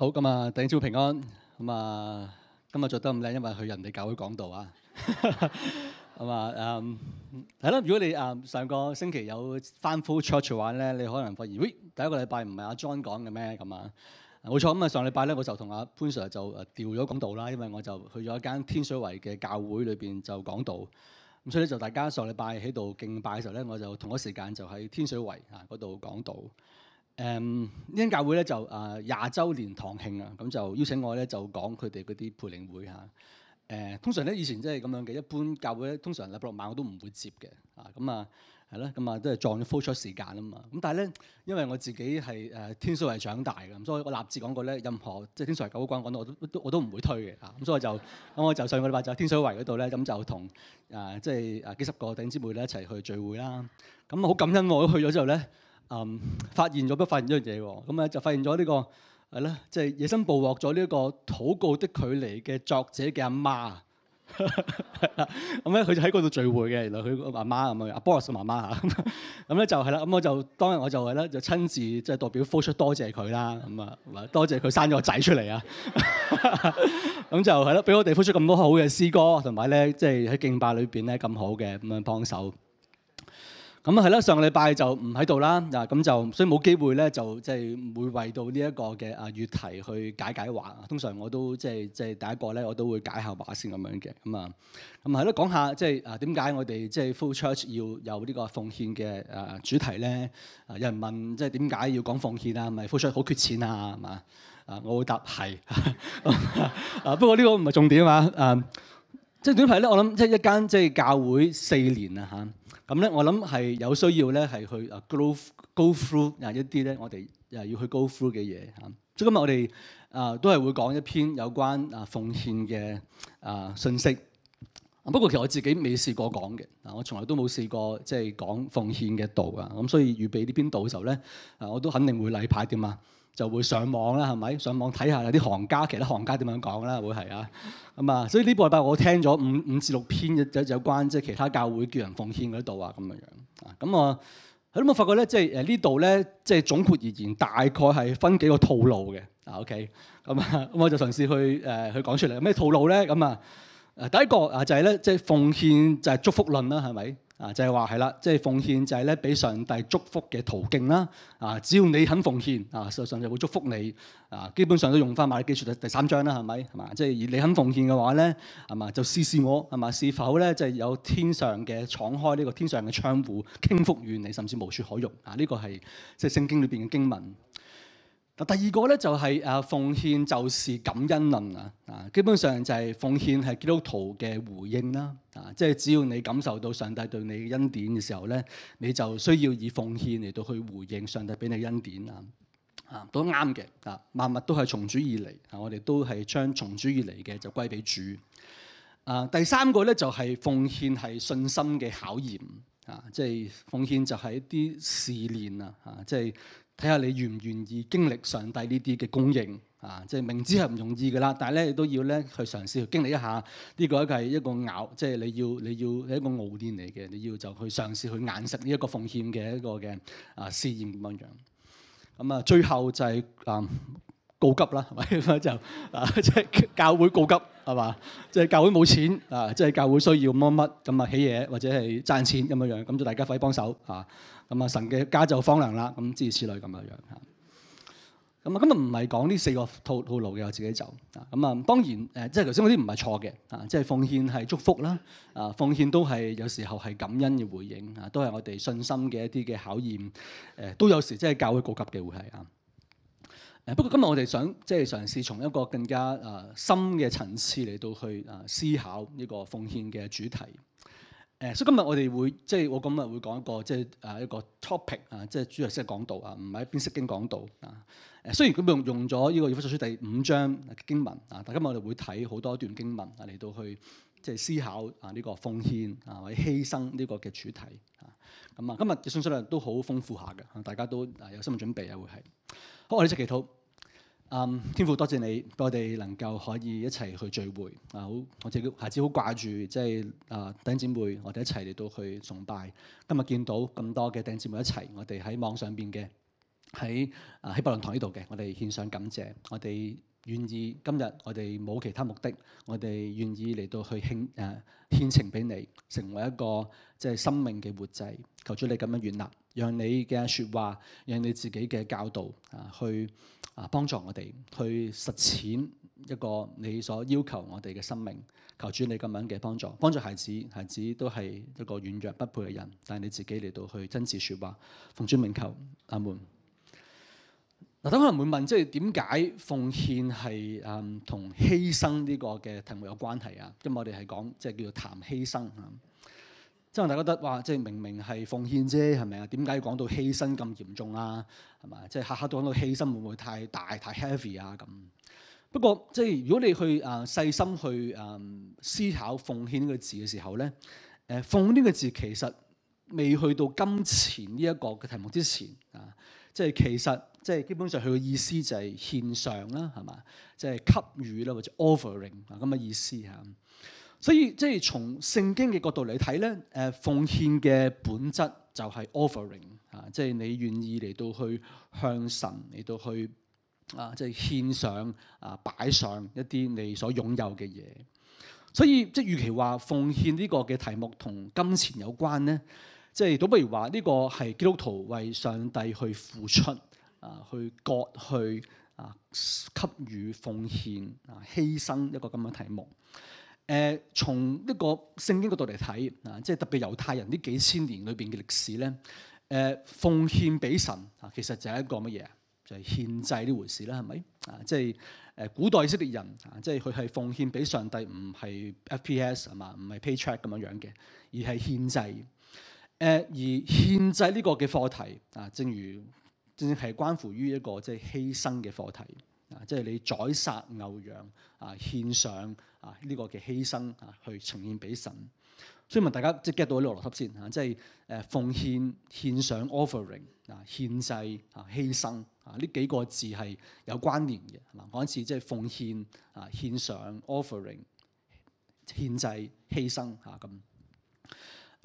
好咁啊，頂朝平安。咁啊，今日着得咁靚，因為去人哋教會講道啊。咁 啊、嗯，誒係咯。如果你啊，上個星期有翻 full church 嘅話咧，你可能會發現，喂、哎，第一個禮拜唔係阿 John 講嘅咩咁啊？冇錯，咁啊上禮拜咧，我就同阿潘 sir 就調咗講道啦，因為我就去咗一間天水圍嘅教會裏邊就講道。咁所以咧，就大家上禮拜喺度敬拜嘅時候咧，我就同一時間就喺天水圍啊嗰度講道。誒呢間教會咧就啊廿週年堂慶啊，咁就邀請我咧就講佢哋嗰啲培靈會嚇。誒通常咧以前即係咁樣嘅，一般教會咧通常禮拜六晚我都唔會接嘅啊。咁啊係咯，咁啊都係撞咗 focus 時間啊嘛。咁但係咧，因為我自己係誒天水圍長大嘅，咁所以我立志講過咧，任何即係天水圍九區講到我都都我都唔會推嘅啊。咁所以就咁我就上個禮拜就喺天水圍嗰度咧，咁就同啊即係啊幾十個弟兄姊妹咧一齊去聚會啦。咁好感恩我去咗之後咧。嗯、um，發現咗不發現咗樣嘢喎？咁、嗯、咧就發現咗呢、這個係啦，即係、就是、野生捕獲咗呢個《禱告的距離》嘅作者嘅阿媽，咁咧佢就喺嗰度聚會嘅，原來佢個阿媽咁啊，阿波士嘅媽媽啊。咁咧、嗯、就係啦，咁、嗯、我就當日我就係咧就親自即係代表呼出多謝佢啦。咁、嗯、啊，多謝佢生咗個仔出嚟啊。咁、 嗯、就係啦，俾我哋呼出咁多好嘅詩歌，同埋咧即係喺敬拜裏邊咧咁好嘅咁樣幫手。咁啊，係啦，上個禮拜就唔喺度啦，嗱咁就所以冇機會咧，就即係、就是、會為到呢一個嘅啊月題去解解話。通常我都即係即係第一個咧，我都會解下話先咁樣嘅。咁啊，咁係啦，講下即係、就是、啊點解我哋即係 full church 要有呢個奉獻嘅啊主題咧、啊？有人問即係點解要講奉獻啊？咪 full church 好缺錢啊嘛？啊，我會答係 啊，不過呢個唔係重點啊啊。啊即係呢排咧，我諗即係一間即係教會四年啦嚇，咁咧我諗係有需要咧係去啊 grow grow through 啊一啲咧我哋誒要去 grow through 嘅嘢嚇。即係今日我哋啊都係會講一篇有關啊奉獻嘅啊信息。不過其實我自己未試過講嘅，啊我從來都冇試過即係講奉獻嘅道啊。咁所以預備呢篇道嘅時候咧，啊我都肯定會禮牌點啊。就會上網啦，係咪？上網睇下有啲行家，其他行家點樣講啦，會係啊咁啊、嗯。所以呢部禮拜，我聽咗五五至六篇有有關即係其他教會叫人奉獻嗰度、嗯、啊，咁樣樣啊。咁啊，我都我發覺咧，即係誒、呃、呢度咧，即係總括而言，大概係分幾個套路嘅。啊 OK，咁、嗯、啊，咁、嗯嗯、我就嘗試去誒、呃、去講出嚟，咩套路咧？咁、嗯、啊，第一個啊就係、是、咧，即、啊、係奉獻就係祝福論啦，係咪？啊，就係話係啦，即係、就是、奉獻就係咧，俾上帝祝福嘅途徑啦。啊，只要你肯奉獻，啊，實際上就會祝福你。啊，基本上都用翻瑪拉基書第三章啦，係咪？係嘛，即係你肯奉獻嘅話咧，係嘛，就試試我係嘛，是否咧就係、是、有天上嘅敞開呢、這個天上嘅窗戶，傾福與你，甚至無處可容。啊，呢、這個係即係聖經裏邊嘅經文。第二個咧就係誒奉獻就是感恩論啊！啊，基本上就係奉獻係基督徒嘅回應啦！啊，即係只要你感受到上帝對你嘅恩典嘅時候咧，你就需要以奉獻嚟到去回應上帝俾你恩典啊！啊，都啱嘅！啊，萬物都係從主而嚟，我哋都係將從主而嚟嘅就歸俾主。啊，第三個咧就係奉獻係信心嘅考驗啊！即係奉獻就係一啲試煉啊！啊，即係。睇下你願唔願意經歷上帝呢啲嘅供應啊，即係明知係唔容易嘅啦，但係咧你都要咧去嘗試去經歷一下呢、這個係一個咬，即係你要你要係一個熬練嚟嘅，你要就去嘗試去眼食呢一個奉獻嘅一個嘅啊試驗咁樣樣。咁啊，最後就係、是、啊。嗯告急啦，係 咪就啊，即係教會告急係嘛？即係、就是、教會冇錢啊，即、就、係、是、教會需要乜乜咁啊，起嘢或者係賺錢咁樣樣，咁就大家快幫手啊！咁啊，神嘅家就荒涼啦，咁諸如此類咁嘅樣嚇。咁啊，今日唔係講呢四個套套路嘅，我自己走啊。咁啊，當然誒，即係頭先嗰啲唔係錯嘅啊，即、就、係、是、奉獻係祝福啦啊，奉獻都係有時候係感恩嘅回應啊，都係我哋信心嘅一啲嘅考驗誒、啊，都有時即係教會告急嘅會係啊。誒，不過今日我哋想即係、就是、嘗試從一個更加誒深嘅層次嚟到去誒思考呢個奉獻嘅主題。誒所以今日我哋會即係、就是、我今日會講一個即係誒一個 topic 一啊，即係主題式講道啊，唔係一邊釋經講道啊。誒雖然佢用用咗呢個《以弗所書》第五章經文啊，但今日我哋會睇好多段經文啊，嚟到去即係思考啊呢個奉獻啊或者犧牲呢個嘅主題啊。咁、嗯、啊，今日嘅信息量都好豐富下嘅，大家都誒有心理準備啊，會係。好，我哋一齊祈禱，天父多謝你，我哋能夠可以一齊去聚會啊！好，我自己，孩子好掛住，即係啊！弟、呃、兄姊妹，我哋一齊嚟到去崇拜。今日見到咁多嘅弟兄姊妹一齊，我哋喺網上邊嘅，喺啊喺百論堂呢度嘅，我哋獻上感謝。我哋願意今日我哋冇其他目的，我哋願意嚟到去、呃、獻誒獻情俾你，成為一個即係生命嘅活祭。求主你咁樣悦納。讓你嘅説話，讓你自己嘅教導啊，去啊幫助我哋去實踐一個你所要求我哋嘅生命。求主你咁樣嘅幫助，幫助孩子，孩子都係一個軟弱不配嘅人，但係你自己嚟到去真摯説話，奉主名求，阿門。嗱、啊，大家可能會問，即係點解奉獻係啊同犧牲呢個嘅題目有關係啊？因為我哋係講即係叫做談犧牲啊。即係大家覺得哇，即係明明係奉獻啫，係咪啊？點解講到犧牲咁嚴重啊？係嘛？即係下下都講到犧牲會唔會太大、太 heavy 啊？咁不過，即係如果你去啊細心去啊、嗯、思考奉獻呢個字嘅時候咧，誒、呃、奉呢個字其實未去到金錢呢一個嘅題目之前啊，即係其實即係基本上佢嘅意思就係獻上啦，係嘛？即係給予啦，或者 offering 啊咁嘅意思嚇。啊。所以即係從聖經嘅角度嚟睇咧，誒、呃、奉獻嘅本質就係 offering 啊，即係你願意嚟到去向神嚟到去啊，即係獻上啊，擺上一啲你所擁有嘅嘢。所以即係，與其話奉獻呢個嘅題目同金錢有關咧，即係倒不如話呢個係基督徒為上帝去付出啊，去割去啊給予奉獻啊，犧牲一個咁嘅題目。誒，從一個聖經角度嚟睇啊，即係特別猶太人呢幾千年裏邊嘅歷史咧，誒、呃、奉獻俾神啊，其實就係一個乜嘢？就係、是、獻祭呢回事啦，係咪？啊，即係誒古代式嘅人啊，古代以色列人，即係佢係奉獻俾上帝，唔係 F.P.S 啊嘛，唔係 Paycheck 咁樣樣嘅，而係獻祭。誒、呃、而獻祭呢個嘅課題啊，正如正係關乎於一個即係犧牲嘅課題啊，即係你宰殺牛羊啊，獻上。啊！呢個嘅犧牲啊，去呈現俾神，所以問大家即係 get 到呢個邏輯先嚇，即係誒奉獻、獻上、offering 啊、獻祭啊、犧牲啊，呢幾個字係有關聯嘅嗱，講一次即係奉獻啊、獻上、offering、獻祭、犧牲嚇咁。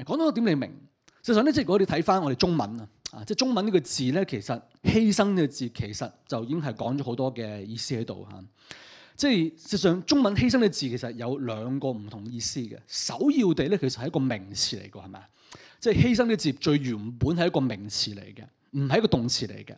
講到個點你明？事實咧，即係如果你睇翻我哋中文啊，啊，即係中文呢個字咧，其實犧牲呢個字其實就已經係講咗好多嘅意思喺度嚇。即係實際上，中文犧牲嘅字其實有兩個唔同意思嘅。首要地咧，其實係一個名詞嚟嘅，係咪啊？即係犧牲呢字最原本係一個名詞嚟嘅，唔係一個動詞嚟嘅。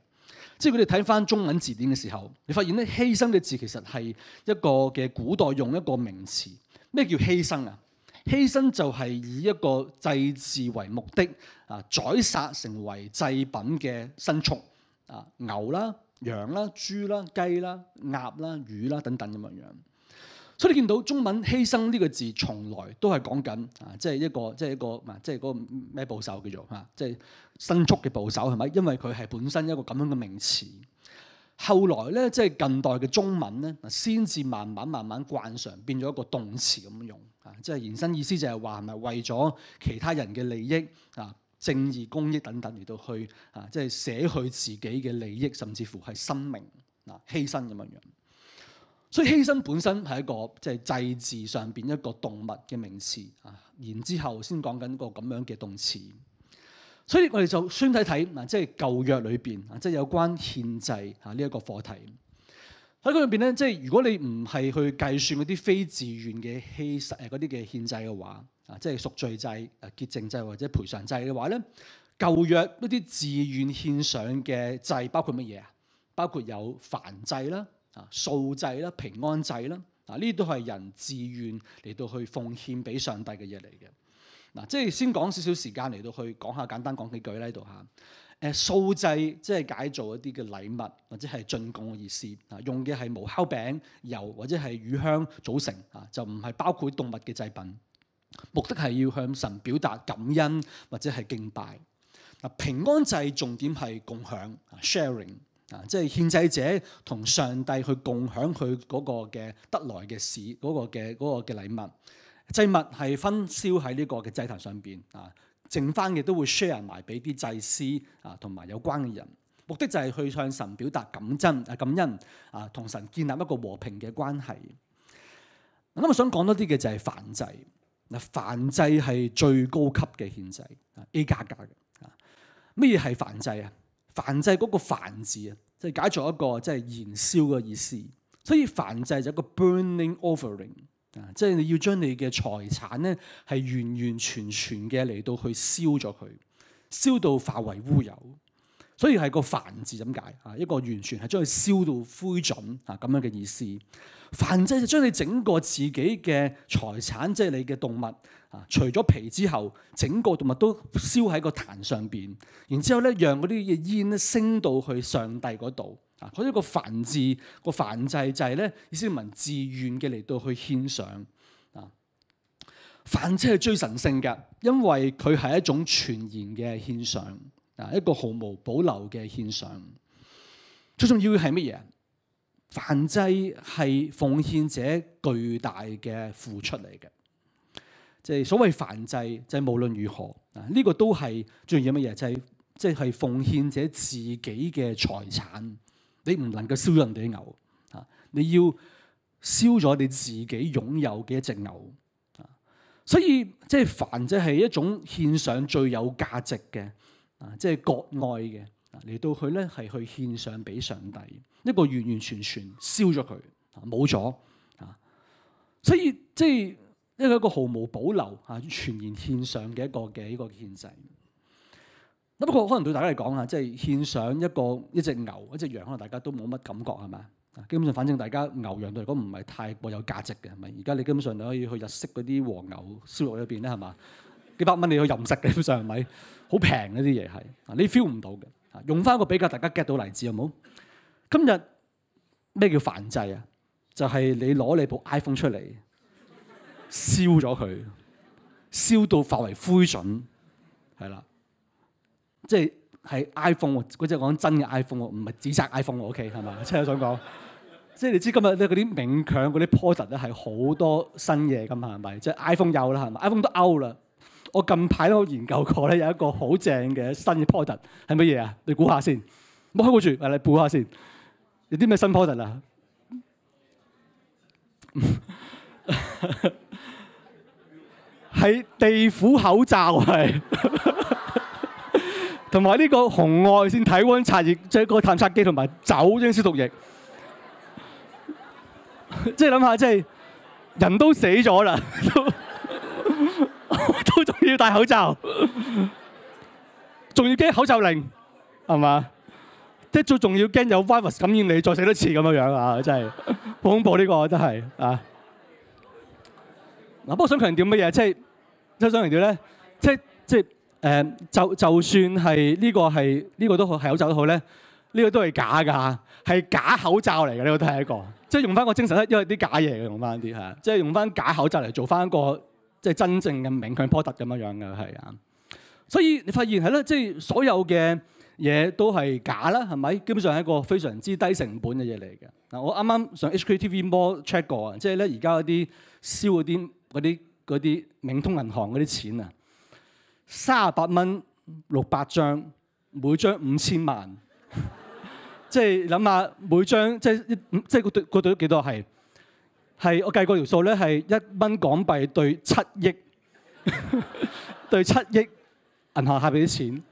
即係佢哋睇翻中文字典嘅時候，你發現咧犧牲嘅字其實係一個嘅古代用一個名詞。咩叫犧牲啊？犧牲就係以一個祭祀為目的啊，宰殺成為祭品嘅牲畜啊，牛啦、羊啦、豬啦、雞啦、鴨啦、魚啦等等咁樣樣，所以你見到中文犧牲呢個字，從來都係講緊啊，即係一個即係一個唔即係嗰個咩部首叫做嚇，即係牲畜嘅部首係咪？因為佢係本身一個咁樣嘅名詞。後來咧，即係近代嘅中文咧，先至慢慢慢慢慣常變咗一個動詞咁樣用啊，即係延伸意思就係話係咪為咗其他人嘅利益啊？正義、公益等等，嚟到去啊，即係捨去自己嘅利益，甚至乎係生命啊，犧牲咁樣樣。所以犧牲本身係一個即係祭祀上邊一個動物嘅名詞啊。然之後先講緊個咁樣嘅動詞。所以我哋就先睇睇嗱，即係舊約裏邊啊，即係有關獻祭啊呢一個課題。喺佢裏邊咧，即係如果你唔係去計算嗰啲非自願嘅犧牲，誒嗰啲嘅獻祭嘅話。啊，即係贖罪祭、潔淨祭或者賠償祭嘅話咧，舊約一啲自願獻上嘅祭包括乜嘢啊？包括有燔祭啦、啊素祭啦、平安祭啦。啊，呢啲都係人自願嚟到去奉獻俾上帝嘅嘢嚟嘅。嗱，即係先講少少時間嚟到去講下，簡單講幾句呢度嚇。誒素祭即係解做一啲嘅禮物或者係進貢嘅意思啊，用嘅係無酵餅油或者係乳香組成啊，就唔係包括動物嘅製品。目的係要向神表達感恩或者係敬拜。嗱，平安祭重點係共享 sharing，啊，即係獻祭者同上帝去共享佢嗰個嘅得來嘅事，嗰、嗰個嘅嗰、嗰個嘅禮物。祭物係分燒喺呢個嘅祭壇上邊啊，剩翻嘅都會 share 埋俾啲祭司啊同埋有關嘅人。目的就係去向神表達感恩啊感恩啊，同神建立一個和平嘅關係。咁我想講多啲嘅就係燔祭。嗱，燔祭係最高級嘅獻祭，A 加加嘅。咩嘢係燔祭啊？燔祭嗰個燔字啊，即係解作一個即係燃燒嘅意思。所以燔祭就一個 burning offering 啊，即係你要將你嘅財產咧係完完全全嘅嚟到去燒咗佢，燒到化為烏有。所以係個燔字噉解，啊，一個完全係將佢燒到灰燼啊咁樣嘅意思。燔祭就將你整個自己嘅財產，即係你嘅動物啊，除咗皮之後，整個動物都燒喺個壇上邊。然之後咧，讓嗰啲煙咧升到去上帝嗰度啊。所以一個燔字個燔祭就係咧，意思民自願嘅嚟到去獻上啊。燔祭係最神聖嘅，因為佢係一種全然嘅獻上。啊！一個毫無保留嘅獻上，最重要嘅係乜嘢？燔祭係奉獻者巨大嘅付出嚟嘅，即、就、係、是、所謂燔祭，就係、是、無論如何啊，呢、這個都係最重要乜嘢？就係即係奉獻者自己嘅財產，你唔能夠燒人哋嘅牛啊！你要燒咗你自己擁有嘅一隻牛啊，所以即係、就是、燔祭係一種獻上最有價值嘅。啊，即係國外嘅，嚟到佢咧係去獻上俾上帝，一個完完全全燒咗佢，冇咗啊，所以即係一個一個毫無保留啊，全然獻上嘅一個嘅一個獻祭。咁不過可能對大家嚟講啊，即係獻上一個一隻牛一隻羊，可能大家都冇乜感覺係嘛？基本上，反正大家牛羊對嚟講唔係太過有價值嘅，係咪？而家你基本上你可以去日式嗰啲和牛燒肉入邊咧係嘛？幾百蚊你去任食嘅，基本上係咪？好平嗰啲嘢係，你 feel 唔到嘅。用翻個比較，大家 get 到例子好冇？今日咩叫燔祭啊？就係、是、你攞你部 iPhone 出嚟，燒咗佢，燒到化為灰燼，係啦，即係係、就是、iPhone，嗰隻講真嘅 iPhone 唔係紫色 iPhone 喎，okay？O K 係咪？即係我想講，即係你知今日咧嗰啲明搶嗰啲 product 咧係好多新嘢㗎嘛？係咪？即係、就是、ip iPhone 有啦，係咪 iPhone 都 out 啦。我近排都研究過咧，有一個好正嘅新嘅 product 係乜嘢啊？你估下先，摸住你估下先。有啲咩新 product 啊？係 地府口罩係同埋呢個紅外線體溫測熱即係個探測機同埋酒精消毒液。即係諗下，即係人都死咗啦。 都仲要戴口罩，仲要驚口罩靈係嘛？即係最重要驚有 virus 感染你再死多次咁樣樣啊！真係好恐怖呢個，真係啊！嗱， 不過想強調乜嘢？即係即係想強調咧，即係即係誒，就就算係呢個係呢個都好，係口罩都好咧，呢個都係假噶吓，係假口罩嚟嘅。呢個都係一個，即係用翻個精神，因為啲假嘢嘅用翻啲係，即係用翻假口罩嚟做翻個。即係真正嘅名強波特咁樣樣嘅係啊，所以你發現係咯，即係所有嘅嘢都係假啦，係咪？基本上係一個非常之低成本嘅嘢嚟嘅。嗱，我啱啱上 HKTV More check 過啊，即係咧而家嗰啲燒嗰啲嗰啲嗰啲冥通銀行嗰啲錢啊，三十八蚊六百張，每張五千萬， 即係諗下每張即係即係嗰對嗰對幾多係？係，我計過條數咧，係一蚊港幣兌七億，兌 七億銀行下邊啲錢。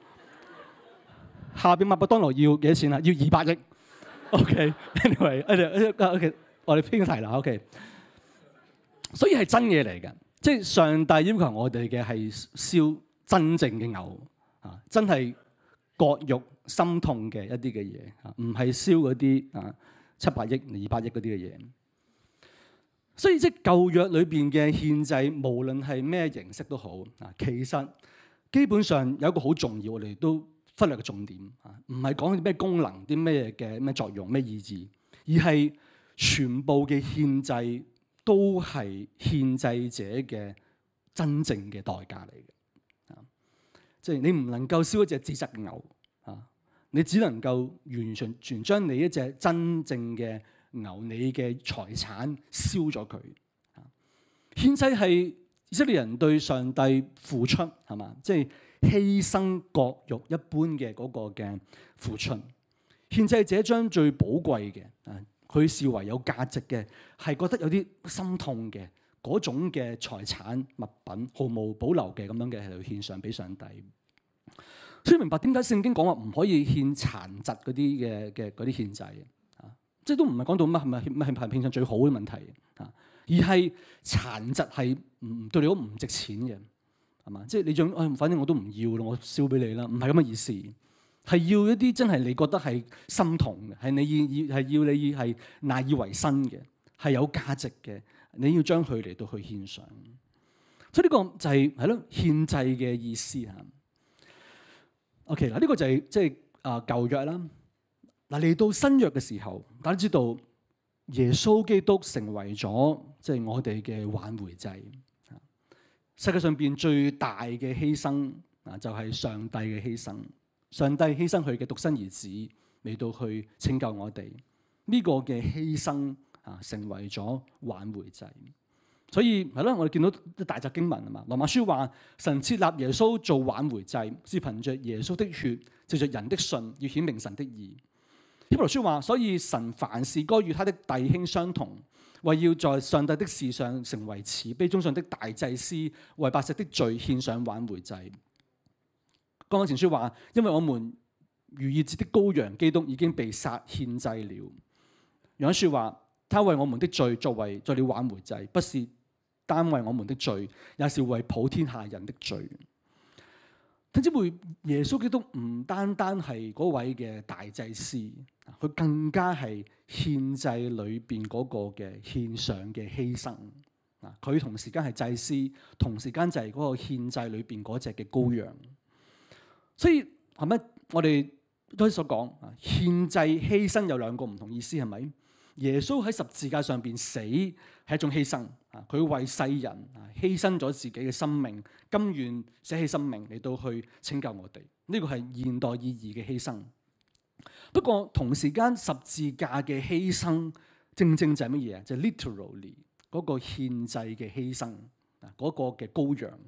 下邊麥當勞要幾多錢啊？要二百億。OK，anyway，o、okay, okay, k 我哋偏題啦。OK，所以係真嘢嚟嘅，即係上帝要求我哋嘅係燒真正嘅牛啊，真係割肉心痛嘅一啲嘅嘢啊，唔係燒嗰啲啊七百億、二百億嗰啲嘅嘢。所以即舊約裏邊嘅獻祭，無論係咩形式都好啊，其實基本上有一個好重要，我哋都忽略嘅重點啊，唔係講啲咩功能、啲咩嘅咩作用、咩意義，而係全部嘅獻祭都係獻祭者嘅真正嘅代價嚟嘅啊，即係你唔能夠燒一隻自殺牛啊，你只能夠完全完全將你一隻真正嘅牛，你嘅財產燒咗佢，獻祭係以色列人對上帝付出係嘛，即係犧牲割肉一般嘅嗰個嘅付出，獻祭者將最寶貴嘅，佢視為有價值嘅，係覺得有啲心痛嘅嗰種嘅財產物品，毫無保留嘅咁樣嘅嚟獻上俾上帝，所以明白點解聖經講話唔可以獻殘疾嗰啲嘅嘅嗰啲獻祭。即係都唔係講到乜，係咪？唔係係憑上最好嘅問題嚇，而係殘疾係唔對你好唔值錢嘅係嘛？即係、就是、你仲反正我都唔要咯，我燒俾你啦，唔係咁嘅意思。係要一啲真係你覺得係心痛嘅，係你要要係要你係賴以為生嘅，係有價值嘅，你要將佢嚟到去獻上。所以呢個就係係咯獻祭嘅意思嚇。OK 嗱，呢個就係即係啊舊約啦。嗱嚟到新約嘅時候，大家知道耶穌基督成為咗即係我哋嘅挽回祭。世界上邊最大嘅犧牲啊，就係上帝嘅犧牲。上帝犧牲佢嘅獨生兒子嚟到去拯救我哋。呢個嘅犧牲啊，成為咗挽回祭。所以係咯，我哋見到大拃經文啊嘛。羅馬書話：神設立耶穌做挽回祭，是憑着耶穌的血，借着人的信，要顯明神的義。希伯來書話，所以神凡事該與他的弟兄相同，為要在上帝的事上成為慈悲忠信的大祭司，為百姓的罪獻上挽回祭。哥林前書話，因為我們逾越節的羔羊基督已經被殺獻祭了。約翰說話，他為我們的罪作為做了挽回祭，不是單為我們的罪，也是為普天下人的罪。甚至乎，耶穌基督唔單單係嗰位嘅大祭司，佢更加係獻祭裏邊嗰個嘅獻上嘅犧牲。啊，佢同時間係祭司，同時間就係嗰個獻祭裏邊嗰隻嘅羔羊。所以係咪？我哋都所講啊，獻祭犧牲有兩個唔同意思，係咪？耶穌喺十字架上邊死係一種犧牲。佢為世人犧牲咗自己嘅生命，甘願捨棄生命嚟到去拯救我哋。呢、這個係現代意義嘅犧牲。不過同時間十字架嘅犧牲，正正就係乜嘢啊？就是、literally 嗰個獻祭嘅犧牲啊，嗰、那個嘅羔羊。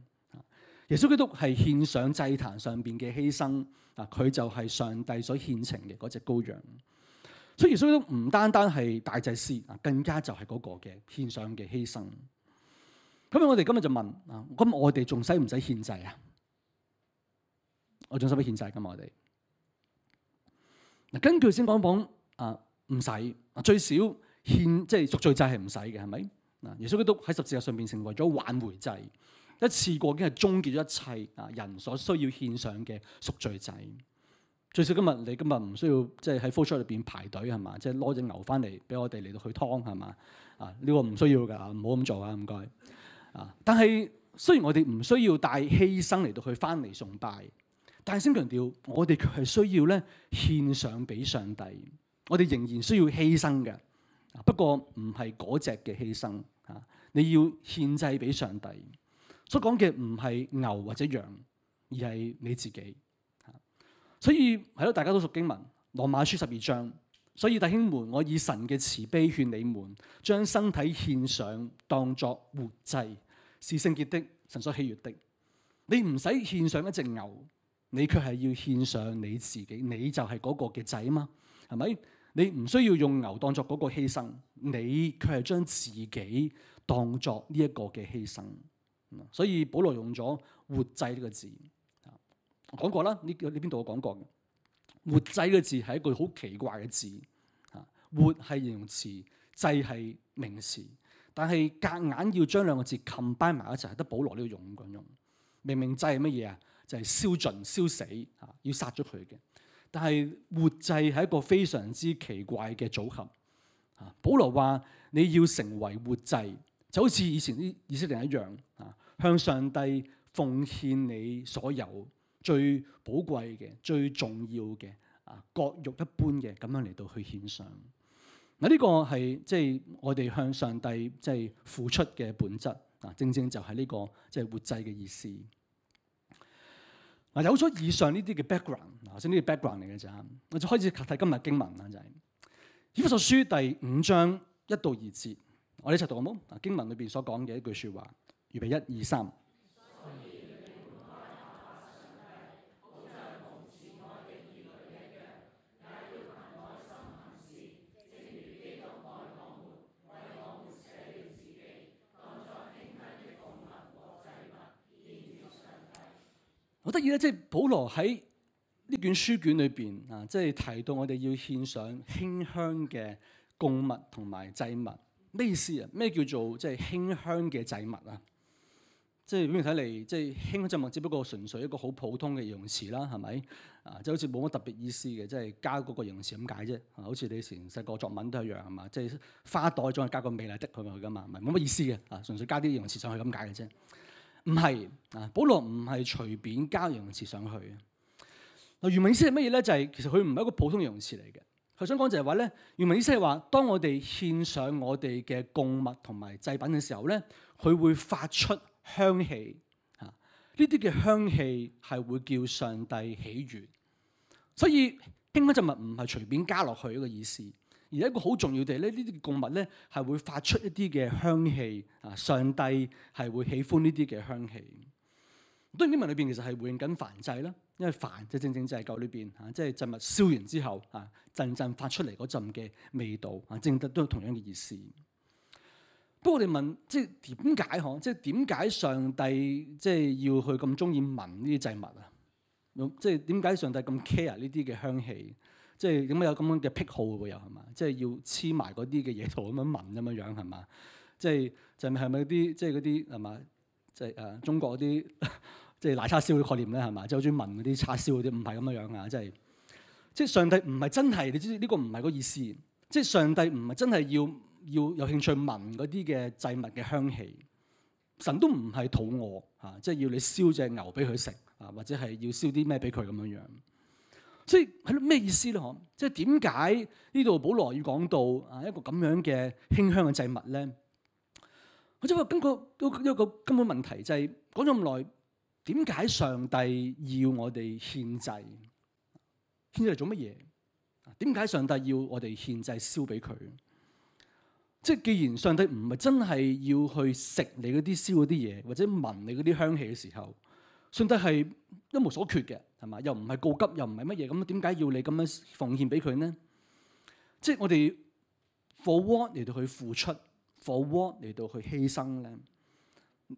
耶穌基督係獻上祭壇上邊嘅犧牲啊，佢就係上帝所獻呈嘅嗰隻羔羊。所以耶穌都唔單單係大祭司，啊，更加就係嗰個嘅獻上嘅犧牲。咁我哋今日就問啊，咁我哋仲使唔使獻祭啊？我仲使唔使獻祭？㗎嘛？我哋？嗱，根據先講講啊，唔使啊，最少獻即係贖罪祭係唔使嘅，係咪？啊，耶穌基督喺十字架上面成為咗挽回祭，一次過已經係終結咗一切啊人所需要獻上嘅贖罪祭。最少今日你今日唔需要即係喺 o 付出入邊排隊係嘛，即係攞隻牛翻嚟俾我哋嚟到去劏係嘛，啊呢個唔需要噶，唔好咁做啊，唔該啊。但係雖然我哋唔需要帶犧牲嚟到去翻嚟崇拜，但係先強調我哋卻係需要咧獻上俾上帝，我哋仍然需要犧牲嘅，不過唔係嗰隻嘅犧牲啊，你要獻祭俾上帝，所講嘅唔係牛或者羊，而係你自己。所以係咯，大家都熟經文《羅馬書》十二章。所以弟兄們，我以神嘅慈悲勸你們，將身體獻上當作活祭，是聖潔的、神所喜悅的。你唔使獻上一隻牛，你卻係要獻上你自己。你就係嗰個嘅仔嘛，係咪？你唔需要用牛當作嗰個犧牲，你卻係將自己當作呢一個嘅犧牲。所以保羅用咗活祭呢個字。講過啦，呢呢邊度我講過。活祭嘅字係一個好奇怪嘅字。活係形容詞，祭係名詞，但係夾硬要將兩個字冚巴埋一齊，得保羅呢個用法用。明明祭係乜嘢啊？就係燒盡、燒死，要殺咗佢嘅。但係活祭係一個非常之奇怪嘅組合。保羅話你要成為活祭，就好似以前啲以色列人一樣，向上帝奉獻你所有。最寶貴嘅、最重要嘅啊，割肉一般嘅咁樣嚟到去獻上。嗱、啊，呢、這個係即係我哋向上帝即係、就是、付出嘅本質啊，正正就係呢、這個即係活祭嘅意思。嗱、啊，有咗以上呢啲嘅 background，嗱，先呢啲 background 嚟嘅咋，我就開始睇今日經文啦，就係以弗所書第五章一到二節，我哋一齊讀好冇、啊？經文裏邊所講嘅一句說話，預備一二三。所以咧，即係保羅喺呢卷書卷裏邊啊，即係提到我哋要獻上馨香嘅供物同埋祭物，咩意思啊？咩叫做即係馨香嘅祭物啊？即係表面睇嚟，即係馨香祭物，只不過純粹一個好普通嘅形容詞啦，係咪啊？即係好似冇乜特別意思嘅，即係加嗰個形容詞咁解啫。好似你以前細個作文都一樣係嘛？即係花袋再加個美麗的佢咪噶嘛？唔係冇乜意思嘅啊，純粹加啲形容詞上去咁解嘅啫。唔係啊，保羅唔係隨便加形容詞上去嘅。嗱，原文意思係乜嘢咧？就係、是、其實佢唔係一個普通形容詞嚟嘅。佢想講就係話咧，原文意思係話，當我哋獻上我哋嘅供物同埋祭品嘅時候咧，佢會發出香氣啊。呢啲嘅香氣係會叫上帝喜悅，所以馨香祭物唔係隨便加落去一個意思。而一個好重要地咧，呢啲供物咧係會發出一啲嘅香氣，啊，上帝係會喜歡呢啲嘅香氣。當然，英文裏邊其實係回應緊燔祭啦，因為燔就正正就係舊裏邊嚇，即係祭物燒完之後啊，陣陣發出嚟嗰陣嘅味道啊，正得都有同樣嘅意思。不過我哋問，即係點解呵？即係點解上帝即係要去咁中意聞呢啲祭物啊？即係點解上帝咁、啊、care 呢啲嘅香氣？即係點解有咁樣嘅癖好喎？又係嘛？即係要黐埋嗰啲嘅嘢圖咁樣聞咁樣樣係嘛？即係就係咪啲即係嗰啲係嘛？即係誒中國嗰啲 即係奶叉燒嘅概念咧係嘛？即係好似意聞嗰啲叉燒嗰啲唔係咁樣樣啊！即係即係上帝唔係真係你知呢、呢個唔係個意思。即係上帝唔係真係要要有興趣聞嗰啲嘅祭物嘅香氣。神都唔係肚餓嚇、啊，即係要你燒隻牛俾佢食啊，或者係要燒啲咩俾佢咁樣樣。啊即係係咩意思咧？嗬，即係點解呢度保羅要講到啊一個咁樣嘅馨香嘅祭物咧？我真係話，根據一個根本問題，就係、是、講咗咁耐，點解上帝要我哋獻祭？獻祭係做乜嘢？點解上帝要我哋獻祭燒俾佢？即係既然上帝唔係真係要去食你嗰啲燒嗰啲嘢，或者聞你嗰啲香氣嘅時候？上帝係一無所缺嘅，係嘛？又唔係告急，又唔係乜嘢咁？點解要你咁樣奉獻俾佢呢？即係我哋火鍋嚟到去付出，火鍋嚟到去犧牲咧。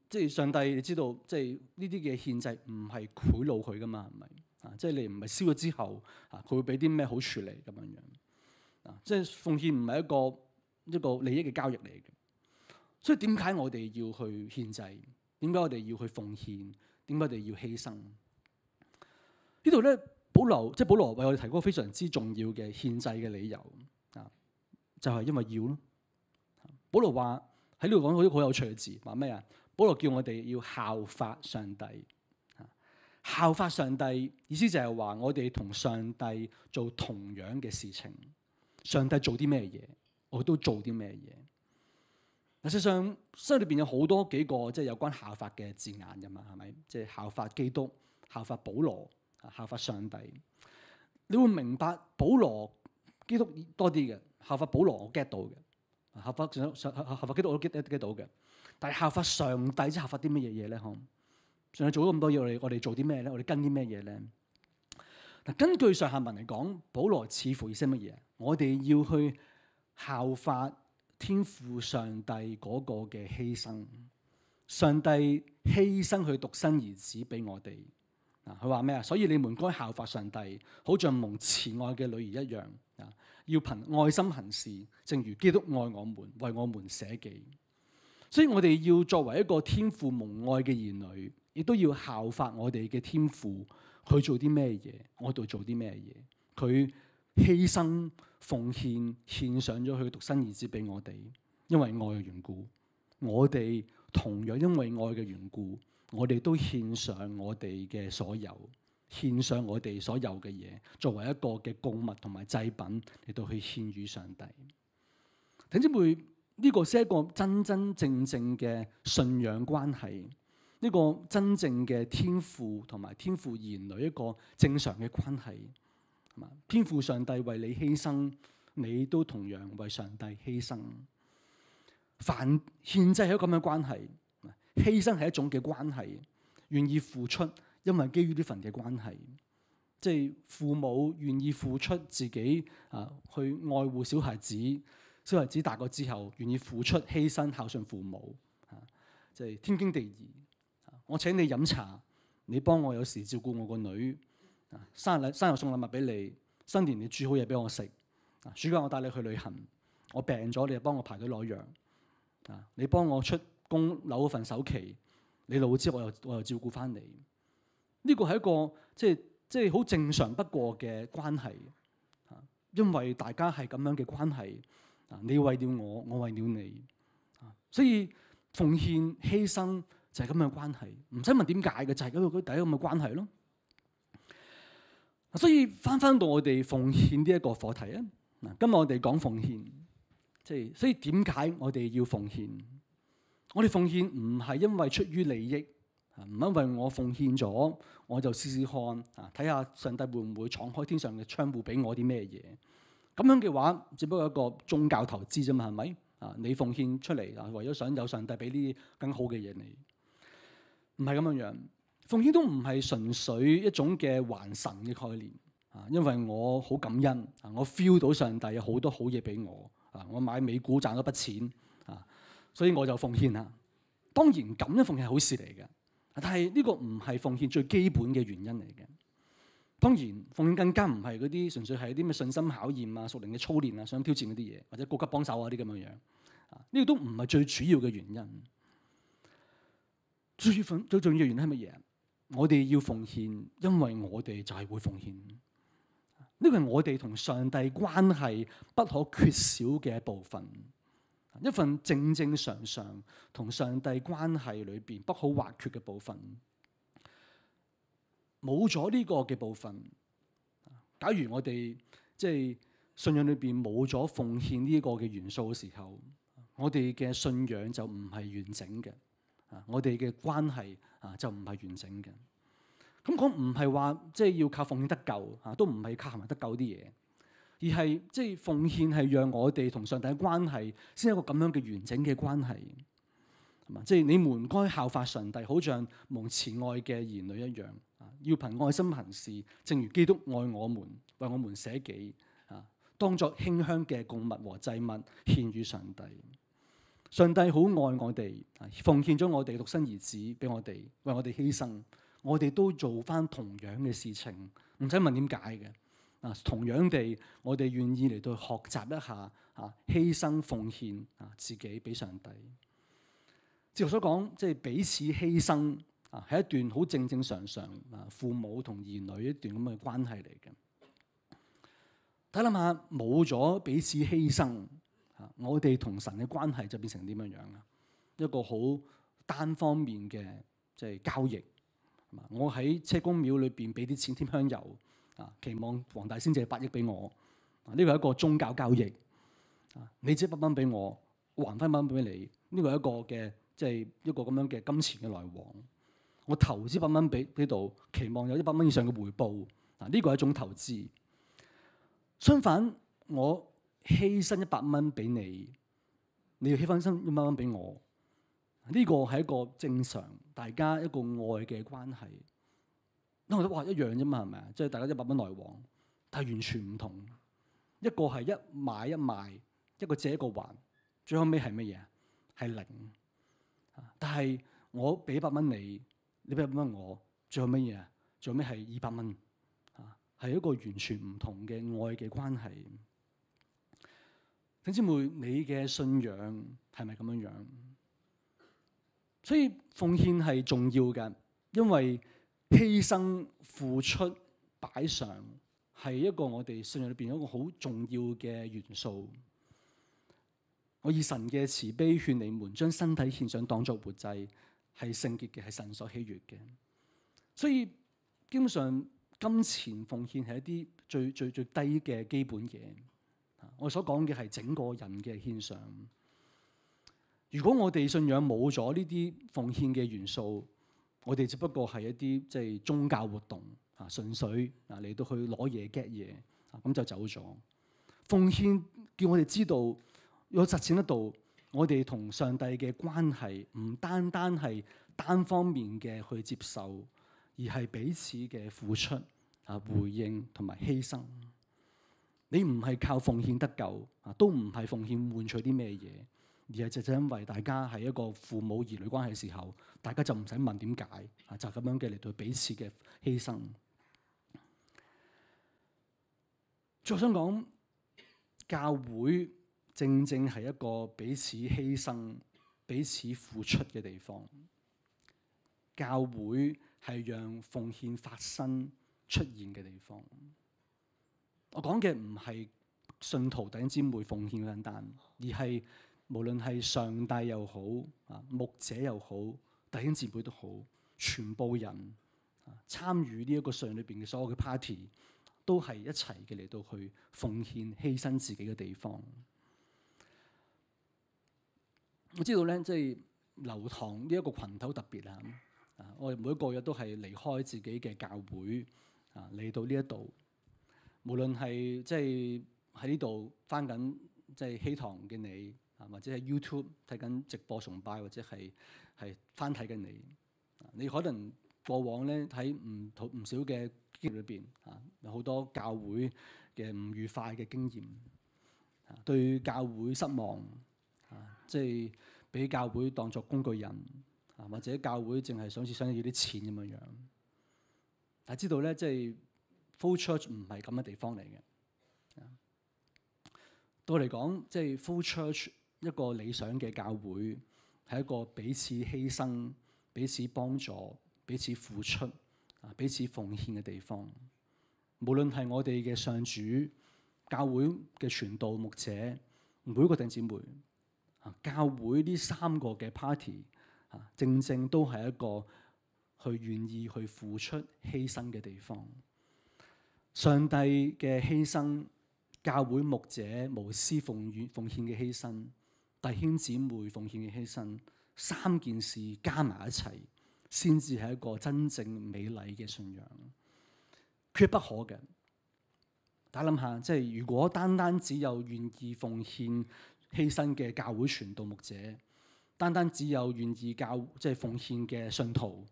即係上帝，你知道，即係呢啲嘅獻祭唔係賄賂佢噶嘛？係咪啊？即係你唔係燒咗之後啊，佢會俾啲咩好處嚟咁樣樣啊？即係奉獻唔係一個一個利益嘅交易嚟嘅。所以點解我哋要去獻祭？點解我哋要去奉獻？點解我哋要犧牲？呢度咧，保羅，即係保羅為我哋提供非常之重要嘅獻祭嘅理由啊，就係因為要咯。保羅話喺呢度講到啲好有趣嘅字，話咩啊？保羅叫我哋要效法上帝，效法上帝意思就係話我哋同上帝做同樣嘅事情，上帝做啲咩嘢，我都做啲咩嘢。嗱，事實際上書裏邊有好多幾個即係有關效法嘅字眼㗎嘛，係咪？即係效法基督、效法保羅、啊效法上帝。你會明白保羅、基督多啲嘅，效法保羅我 get 到嘅，效法上上效法基督我 get 到嘅，但係效法上帝即係效法啲乜嘢嘢咧？嗬，上帝做咗咁多嘢，我哋我哋做啲咩咧？我哋跟啲咩嘢咧？嗱，根據上下文嚟講，保羅似乎意思乜嘢？我哋要去效法。天父上帝嗰個嘅犧牲，上帝犧牲佢獨生兒子俾我哋。啊，佢話咩啊？所以你們該效法上帝，好像蒙慈愛嘅女兒一樣啊，要憑愛心行事，正如基督愛我們，為我們捨己。所以我哋要作為一個天父蒙愛嘅兒女，亦都要效法我哋嘅天父佢做啲咩嘢，我喺度做啲咩嘢，佢。犧牲奉獻，獻上咗佢獨生兒子俾我哋，因為愛嘅緣故。我哋同樣因為愛嘅緣故，我哋都獻上我哋嘅所有，獻上我哋所有嘅嘢，作為一個嘅供物同埋祭品嚟到去獻與上帝。點姐妹，呢、這個是一個真真正正嘅信仰關係，呢、這個真正嘅天父同埋天父兒女一個正常嘅關係。偏父上帝為你犧牲，你都同樣為上帝犧牲。凡獻祭係一個咁嘅關係，犧牲係一種嘅關係，願意付出，因為基於呢份嘅關係。即係父母願意付出自己啊，去愛護小孩子，小孩子大個之後願意付出犧牲孝順父母啊，即係天經地義。我請你飲茶，你幫我有時照顧我個女。生日禮生日送禮物俾你，新年你煮好嘢俾我食。暑假我帶你去旅行，我病咗你又幫我排隊攞藥。啊，你幫我出供樓份首期，你老咗我又我又照顧翻你。呢個係一個即係即係好正常不過嘅關係。啊，因為大家係咁樣嘅關係。啊，你為了我，我為了你。啊，所以奉獻犧牲就係咁嘅關係，唔使問點解嘅，就係嗰個第一咁嘅關係咯。所以返返到我哋奉獻呢一個課題啊！嗱，今日我哋講奉獻，即係所以點解我哋要奉獻？我哋奉獻唔係因為出於利益，唔係因為我奉獻咗我就試試看啊，睇下上帝會唔會敞開天上嘅窗戶俾我啲咩嘢。咁樣嘅話，只不過一個宗教投資啫嘛，係咪？啊，你奉獻出嚟啊，為咗想有上帝俾啲更好嘅嘢你，唔係咁樣樣。奉獻都唔係純粹一種嘅還神嘅概念，啊，因為我好感恩，啊，我 feel 到上帝有好多好嘢俾我，啊，我買美股賺咗一筆錢，啊，所以我就奉獻啦。當然感恩奉獻係好事嚟嘅，但係呢個唔係奉獻最基本嘅原因嚟嘅。當然奉獻更加唔係嗰啲純粹係啲咩信心考驗啊、屬靈嘅操練啊、想挑戰嗰啲嘢，或者高級幫手啊啲咁樣樣，啊，呢個都唔係最主要嘅原因。最最重要嘅原因係乜嘢？我哋要奉獻，因為我哋就係會奉獻。呢個係我哋同上帝關係不可缺少嘅一部分，一份正正常常同上帝關係裏邊不可或缺嘅部分。冇咗呢個嘅部分，假如我哋即係信仰裏邊冇咗奉獻呢個嘅元素嘅時候，我哋嘅信仰就唔係完整嘅。啊！我哋嘅關係啊，就唔係完整嘅。咁我唔係話即係要靠奉獻得救啊，都唔係靠行埋得救啲嘢，而係即係奉獻係讓我哋同上帝嘅關係先有個咁樣嘅完整嘅關係。係嘛？即係你們該效法上帝，好像蒙慈愛嘅兒女一樣啊，要憑愛心行事，正如基督愛我們，為我們捨己啊，當作馨香嘅供物和祭物獻於上帝。上帝好愛我哋，奉獻咗我哋獨生兒子俾我哋，為我哋犧牲，我哋都做翻同樣嘅事情，唔使問點解嘅。啊，同樣地，我哋願意嚟到學習一下，啊，犧牲奉獻啊自己俾上帝。正如所講，即係彼此犧牲啊，係一段好正正常常啊，父母同兒女一段咁嘅關係嚟嘅。睇諗下，冇咗彼此犧牲。我哋同神嘅關係就變成點樣樣啦？一個好單方面嘅，即係交易。我喺車公廟裏邊俾啲錢添香油，啊，期望黃大仙借百億俾我。呢個係一個宗教交易。你借百蚊俾我，我還翻百蚊俾你。呢個係一個嘅，即係一個咁樣嘅金錢嘅來往。我投資百蚊俾呢度，期望有一百蚊以上嘅回報。嗱，呢個係一種投資。相反，我犧牲一百蚊俾你，你要犧牲一百蚊俾我，呢個係一個正常大家一個愛嘅關係。我覺得哇一樣啫嘛，係咪啊？即係大家一百蚊來往，但係完全唔同。一個係一買一賣，一個借一個還，最後尾係乜嘢啊？係零。但係我俾一百蚊你，你俾一百蚊我，最後乜嘢啊？最後尾係二百蚊，係一個完全唔同嘅愛嘅關係。你知唔知，你嘅信仰係咪咁樣樣？所以奉獻係重要嘅，因為犧牲、付出、擺上係一個我哋信仰裏邊一個好重要嘅元素。我以神嘅慈悲勸你們，將身體獻上當作活祭，係聖潔嘅，係神所喜悅嘅。所以，基本上金錢奉獻係一啲最最最低嘅基本嘢。我所講嘅係整個人嘅獻上。如果我哋信仰冇咗呢啲奉獻嘅元素，我哋只不過係一啲即係宗教活動啊，純粹啊嚟到去攞嘢 get 嘢啊，咁就走咗。奉獻叫我哋知道要實踐得到，我哋同上帝嘅關係唔單單係單方面嘅去接受，而係彼此嘅付出啊、回應同埋犧牲。你唔係靠奉獻得救，啊都唔係奉獻換取啲咩嘢，而係就係因為大家係一個父母兒女關係時候，大家就唔使問點解，啊就係、是、咁樣嘅嚟對彼此嘅犧牲。再想講，教會正正係一個彼此犧牲、彼此付出嘅地方。教會係讓奉獻發生出現嘅地方。我講嘅唔係信徒弟兄姊妹奉獻咁簡單，而係無論係上帝又好啊，牧者又好，弟兄姊妹都好，全部人參與呢一個上裏邊嘅所有嘅 party，都係一齊嘅嚟到去奉獻犧牲自己嘅地方。我知道咧，即係流堂呢一個群體特別啊！啊，我每一個月都係離開自己嘅教會啊，嚟到呢一度。無論係即係喺呢度翻緊即係希堂嘅你，啊或者係 YouTube 睇緊直播崇拜，或者係係翻睇嘅你，你可能過往咧喺唔唔少嘅經歷裏邊，啊有好多教會嘅唔愉快嘅經驗，啊對教會失望，啊即係俾教會當作工具人，啊或者教會淨係想係想要啲錢咁樣樣，但知道咧即係。就是 flow church 唔係咁嘅地方嚟嘅。對我嚟講，即係 flow church 一個理想嘅教會係一個彼此犧牲、彼此幫助、彼此付出啊、彼此奉獻嘅地方。無論係我哋嘅上主、教會嘅傳道牧者、每個弟兄姊妹啊，教會呢三個嘅 party 啊，正正都係一個去願意去付出犧牲嘅地方。上帝嘅犧牲、教會牧者無私奉獻奉獻嘅犧牲、弟兄姊妹奉獻嘅犧牲，三件事加埋一齊，先至係一個真正美麗嘅信仰，缺不可嘅。大家諗下，即係如果單單只有願意奉獻犧牲嘅教會傳道牧者，單單只有願意教即係奉獻嘅信徒，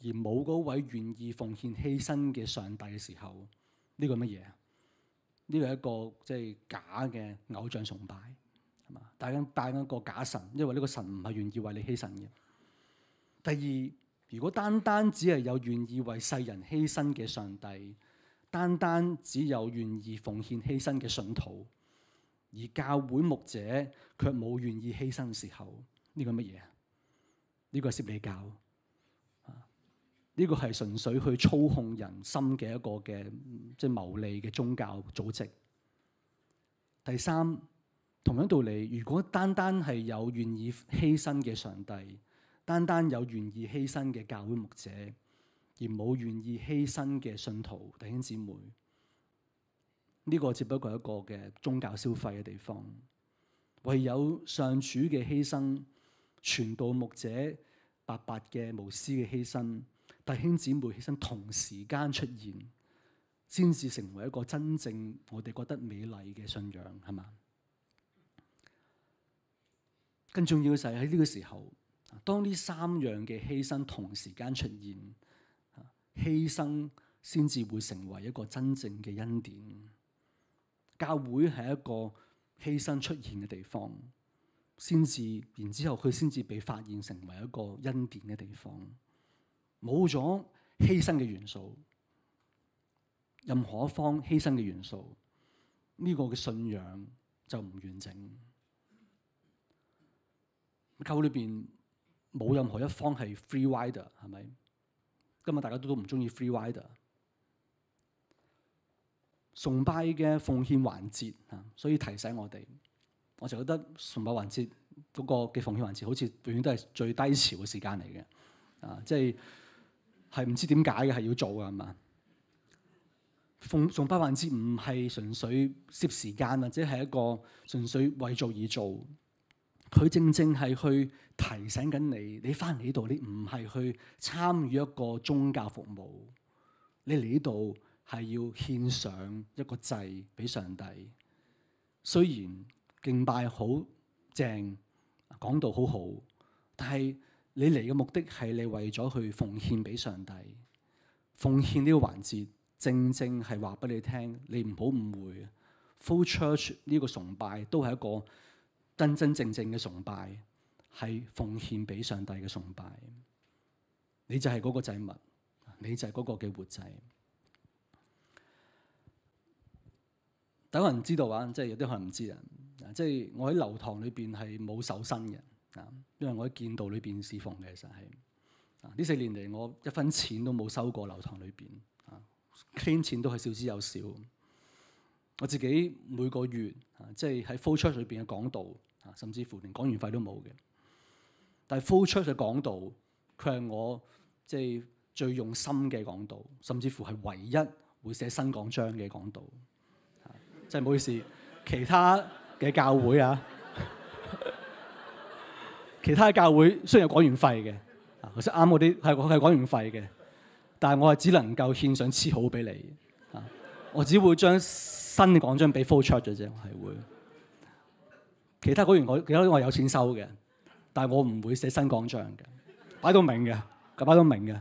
而冇嗰位願意奉獻犧牲嘅上帝嘅時候。呢個乜嘢啊？呢個係一個即係假嘅偶像崇拜，係嘛？帶緊帶緊一個假神，因為呢個神唔係願意為你犧牲嘅。第二，如果單單只係有願意為世人犧牲嘅上帝，單單只有願意奉獻犧牲嘅信徒，而教會牧者卻冇願意犧牲嘅時候，呢個乜嘢啊？呢個係你、這個、教。呢個係純粹去操控人心嘅一個嘅即係牟利嘅宗教組織。第三，同樣道理，如果單單係有願意犧牲嘅上帝，單單有願意犧牲嘅教會牧者，而冇願意犧牲嘅信徒弟兄姊妹，呢、這個只不過係一個嘅宗教消費嘅地方。唯有上主嘅犧牲，傳道牧者白白嘅無私嘅犧牲。弟兄姊妹犧牲同時間出現，先至成為一個真正我哋覺得美麗嘅信仰，係嘛？更重要嘅就係喺呢個時候，當呢三樣嘅犧牲同時間出現，犧牲先至會成為一個真正嘅恩典。教會係一個犧牲出現嘅地方，先至然之後佢先至被發現成為一個恩典嘅地方。冇咗犧牲嘅元素，任何一方犧牲嘅元素，呢、這個嘅信仰就唔完整。溝裏邊冇任何一方係 free rider，係咪？今日大家都唔中意 free rider。崇拜嘅奉獻環節啊，所以提醒我哋，我就覺得崇拜環節嗰個嘅奉獻環節，好似永遠都係最低潮嘅時間嚟嘅啊，即係。係唔知點解嘅係要做嘅係嘛？仲仲百分之五唔係純粹攝時間或者係一個純粹為做而做。佢正正係去提醒緊你，你翻嚟呢度，你唔係去參與一個宗教服務。你嚟呢度係要獻上一個祭俾上帝。雖然敬拜好正，講到好好，但係，你嚟嘅目的係你為咗去奉獻俾上帝，奉獻呢個環節，正正係話俾你聽，你唔好誤會，flow church 呢個崇拜都係一個真真正正嘅崇拜，係奉獻俾上帝嘅崇拜。你就係嗰個祭物，你就係嗰個嘅活祭。有人知道啊？即係有啲可能唔知啊！即係我喺流堂裏邊係冇手伸嘅。啊！因為我喺見到裏邊侍奉嘅，實係啊呢四年嚟，我一分錢都冇收過流堂裏邊啊，攢錢，都係少之又少。我自己每個月啊，即係喺 flow church 裏邊嘅講道啊，甚至乎連講員費都冇嘅。但係 flow church 嘅講道，佢係我即係最用心嘅講道，甚至乎係唯一會寫新講章嘅講道。即係唔好意思， 其他嘅教會啊。 其他嘅教會雖然有講員費嘅，啊，其實啱我啲係我係講員費嘅，但係我係只能夠獻上黐好俾你，啊，我只會將新嘅講章俾 flow church 嘅啫，我係會，其他講員我其他，我，其他我有錢收嘅，但係我唔會寫新講章嘅，擺到明嘅，佢擺到明嘅，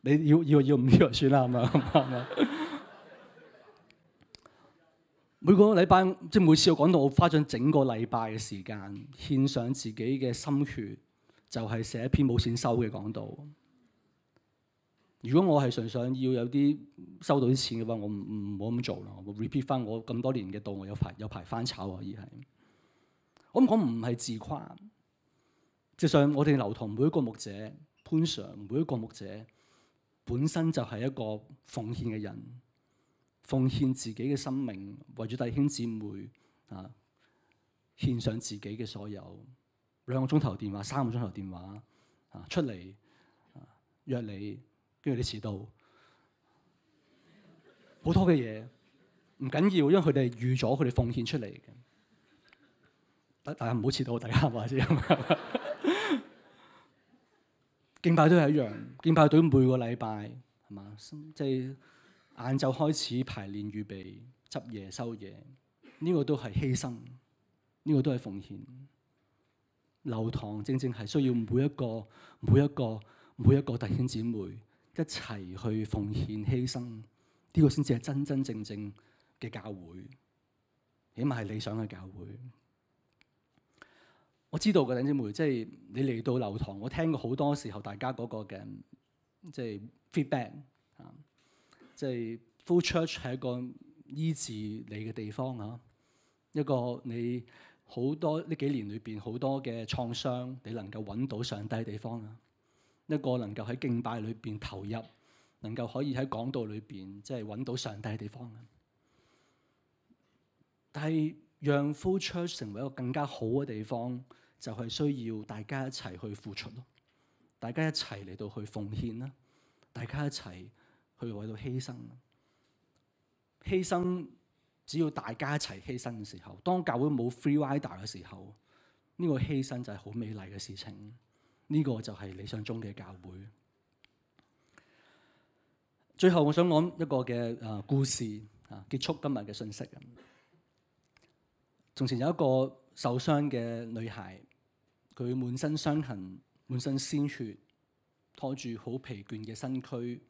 你要要要唔要就算啦，咁樣 每個禮拜即係每次我講道，我花咗整個禮拜嘅時間，獻上自己嘅心血，就係、是、寫一篇冇錢收嘅講道。如果我係純想要有啲收到啲錢嘅話，我唔唔好咁做啦。我 repeat 翻我咁多年嘅道，我有排有排翻炒啊，而係我唔講，唔係自誇，其實我哋流堂每一個牧者潘 sir，每一個牧者本身就係一個奉獻嘅人。奉獻自己嘅生命，為住弟兄姊妹啊，獻上自己嘅所有，兩個鐘頭電話，三個鐘頭電話啊出嚟、啊、約你，跟住你遲到好多嘅嘢唔緊要，因為佢哋預咗佢哋奉獻出嚟嘅。大家唔好遲到，大家話先。敬拜都係一樣，敬拜隊每個禮拜係嘛，即係。晏晝開始排練預備，執嘢收嘢，呢個都係犧牲，呢個都係奉獻。流堂正正係需要每一個、每一個、每一個弟兄姊妹一齊去奉獻犧牲，呢個先至係真真正正嘅教會，起碼係理想嘅教會。我知道嘅弟兄姊妹，即係你嚟到流堂，我聽過好多時候大家嗰個嘅即係 feedback 啊。即係 flow church 係一個醫治你嘅地方啊，一個你好多呢幾年裏邊好多嘅創傷，你能夠揾到上帝嘅地方啊，一個能夠喺敬拜裏邊投入，能夠可以喺講道裏邊即係揾到上帝嘅地方啊。但係讓 flow church 成為一個更加好嘅地方，就係需要大家一齊去付出咯，大家一齊嚟到去奉獻啦，大家一齊。我喺度犧牲，犧牲只要大家一齊犧牲嘅時候，當教會冇 free rider 嘅時候，呢個犧牲就係好美麗嘅事情。呢個就係理想中嘅教會。最後我想講一個嘅誒故事啊，結束今日嘅信息。從前有一個受傷嘅女孩，佢滿身傷痕，滿身鮮血，拖住好疲倦嘅身軀，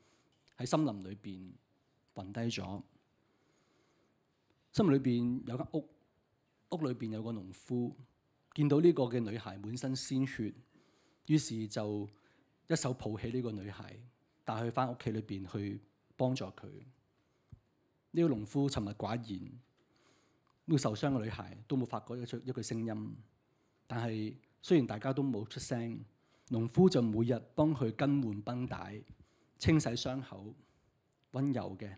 喺森林裏邊暈低咗。森林裏邊有間屋，屋裏邊有個農夫，見到呢個嘅女孩滿身鮮血，於是就一手抱起呢個女孩，帶佢返屋企裏邊去幫助佢。呢、這個農夫沉默寡言，呢、這個受傷嘅女孩都冇發覺一出一句聲音。但係雖然大家都冇出聲，農夫就每日幫佢更換繃帶。清洗傷口，溫柔嘅、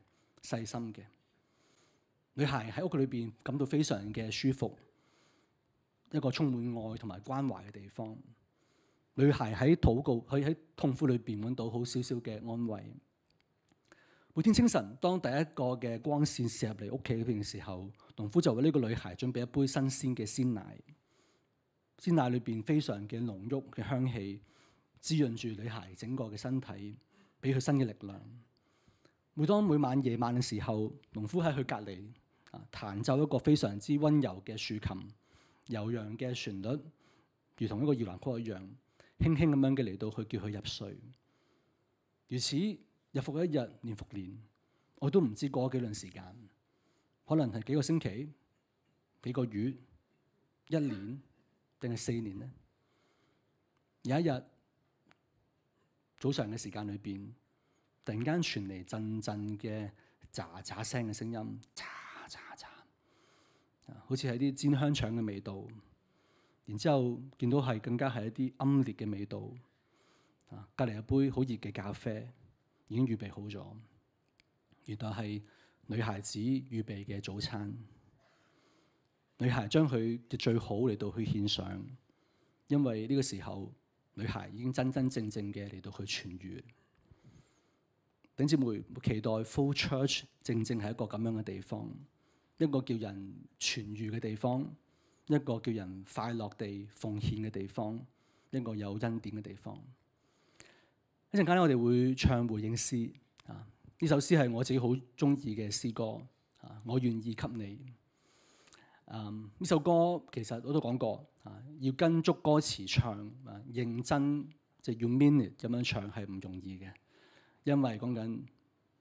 細心嘅。女孩喺屋企裏邊感到非常嘅舒服，一個充滿愛同埋關懷嘅地方。女孩喺禱告，可以喺痛苦裏邊揾到好少少嘅安慰。每天清晨，當第一個嘅光綫射入嚟屋企嗰邊嘅時候，農夫就為呢個女孩準備一杯新鮮嘅鮮奶。鮮奶裏邊非常嘅濃郁嘅香氣，滋潤住女孩整個嘅身體。俾佢新嘅力量。每當每晚夜晚嘅時候，農夫喺佢隔籬啊彈奏一個非常之溫柔嘅豎琴，悠揚嘅旋律，如同一個搖籃曲一樣，輕輕咁樣嘅嚟到去叫佢入睡。如此日復一日，年復年，我都唔知過咗幾段時間，可能係幾個星期，幾個月、一年，定係四年呢？有一日。早上嘅時間裏邊，突然間傳嚟陣陣嘅喳喳聲嘅聲音，喳喳喳，啊，好似係啲煎香腸嘅味道。然之後見到係更加係一啲暗裂嘅味道。啊，隔離一杯好熱嘅咖啡已經預備好咗。原來係女孩子預備嘅早餐。女孩將佢嘅最好嚟到去獻上，因為呢個時候。女孩已經真真正正嘅嚟到佢痊愈。頂姊妹期待 Full Church 正正係一個咁樣嘅地方，一個叫人痊愈嘅地方，一個叫人快樂地奉獻嘅地方，一個有恩典嘅地方。一陣間咧，我哋會唱回應詩啊！呢首詩係我自己好中意嘅詩歌啊！我願意給你。嗯，呢、um, 首歌其實我都講過，啊，要跟足歌詞唱、啊，認真，即係 you mean it 咁樣唱係唔容易嘅，因為講緊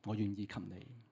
我願意給你。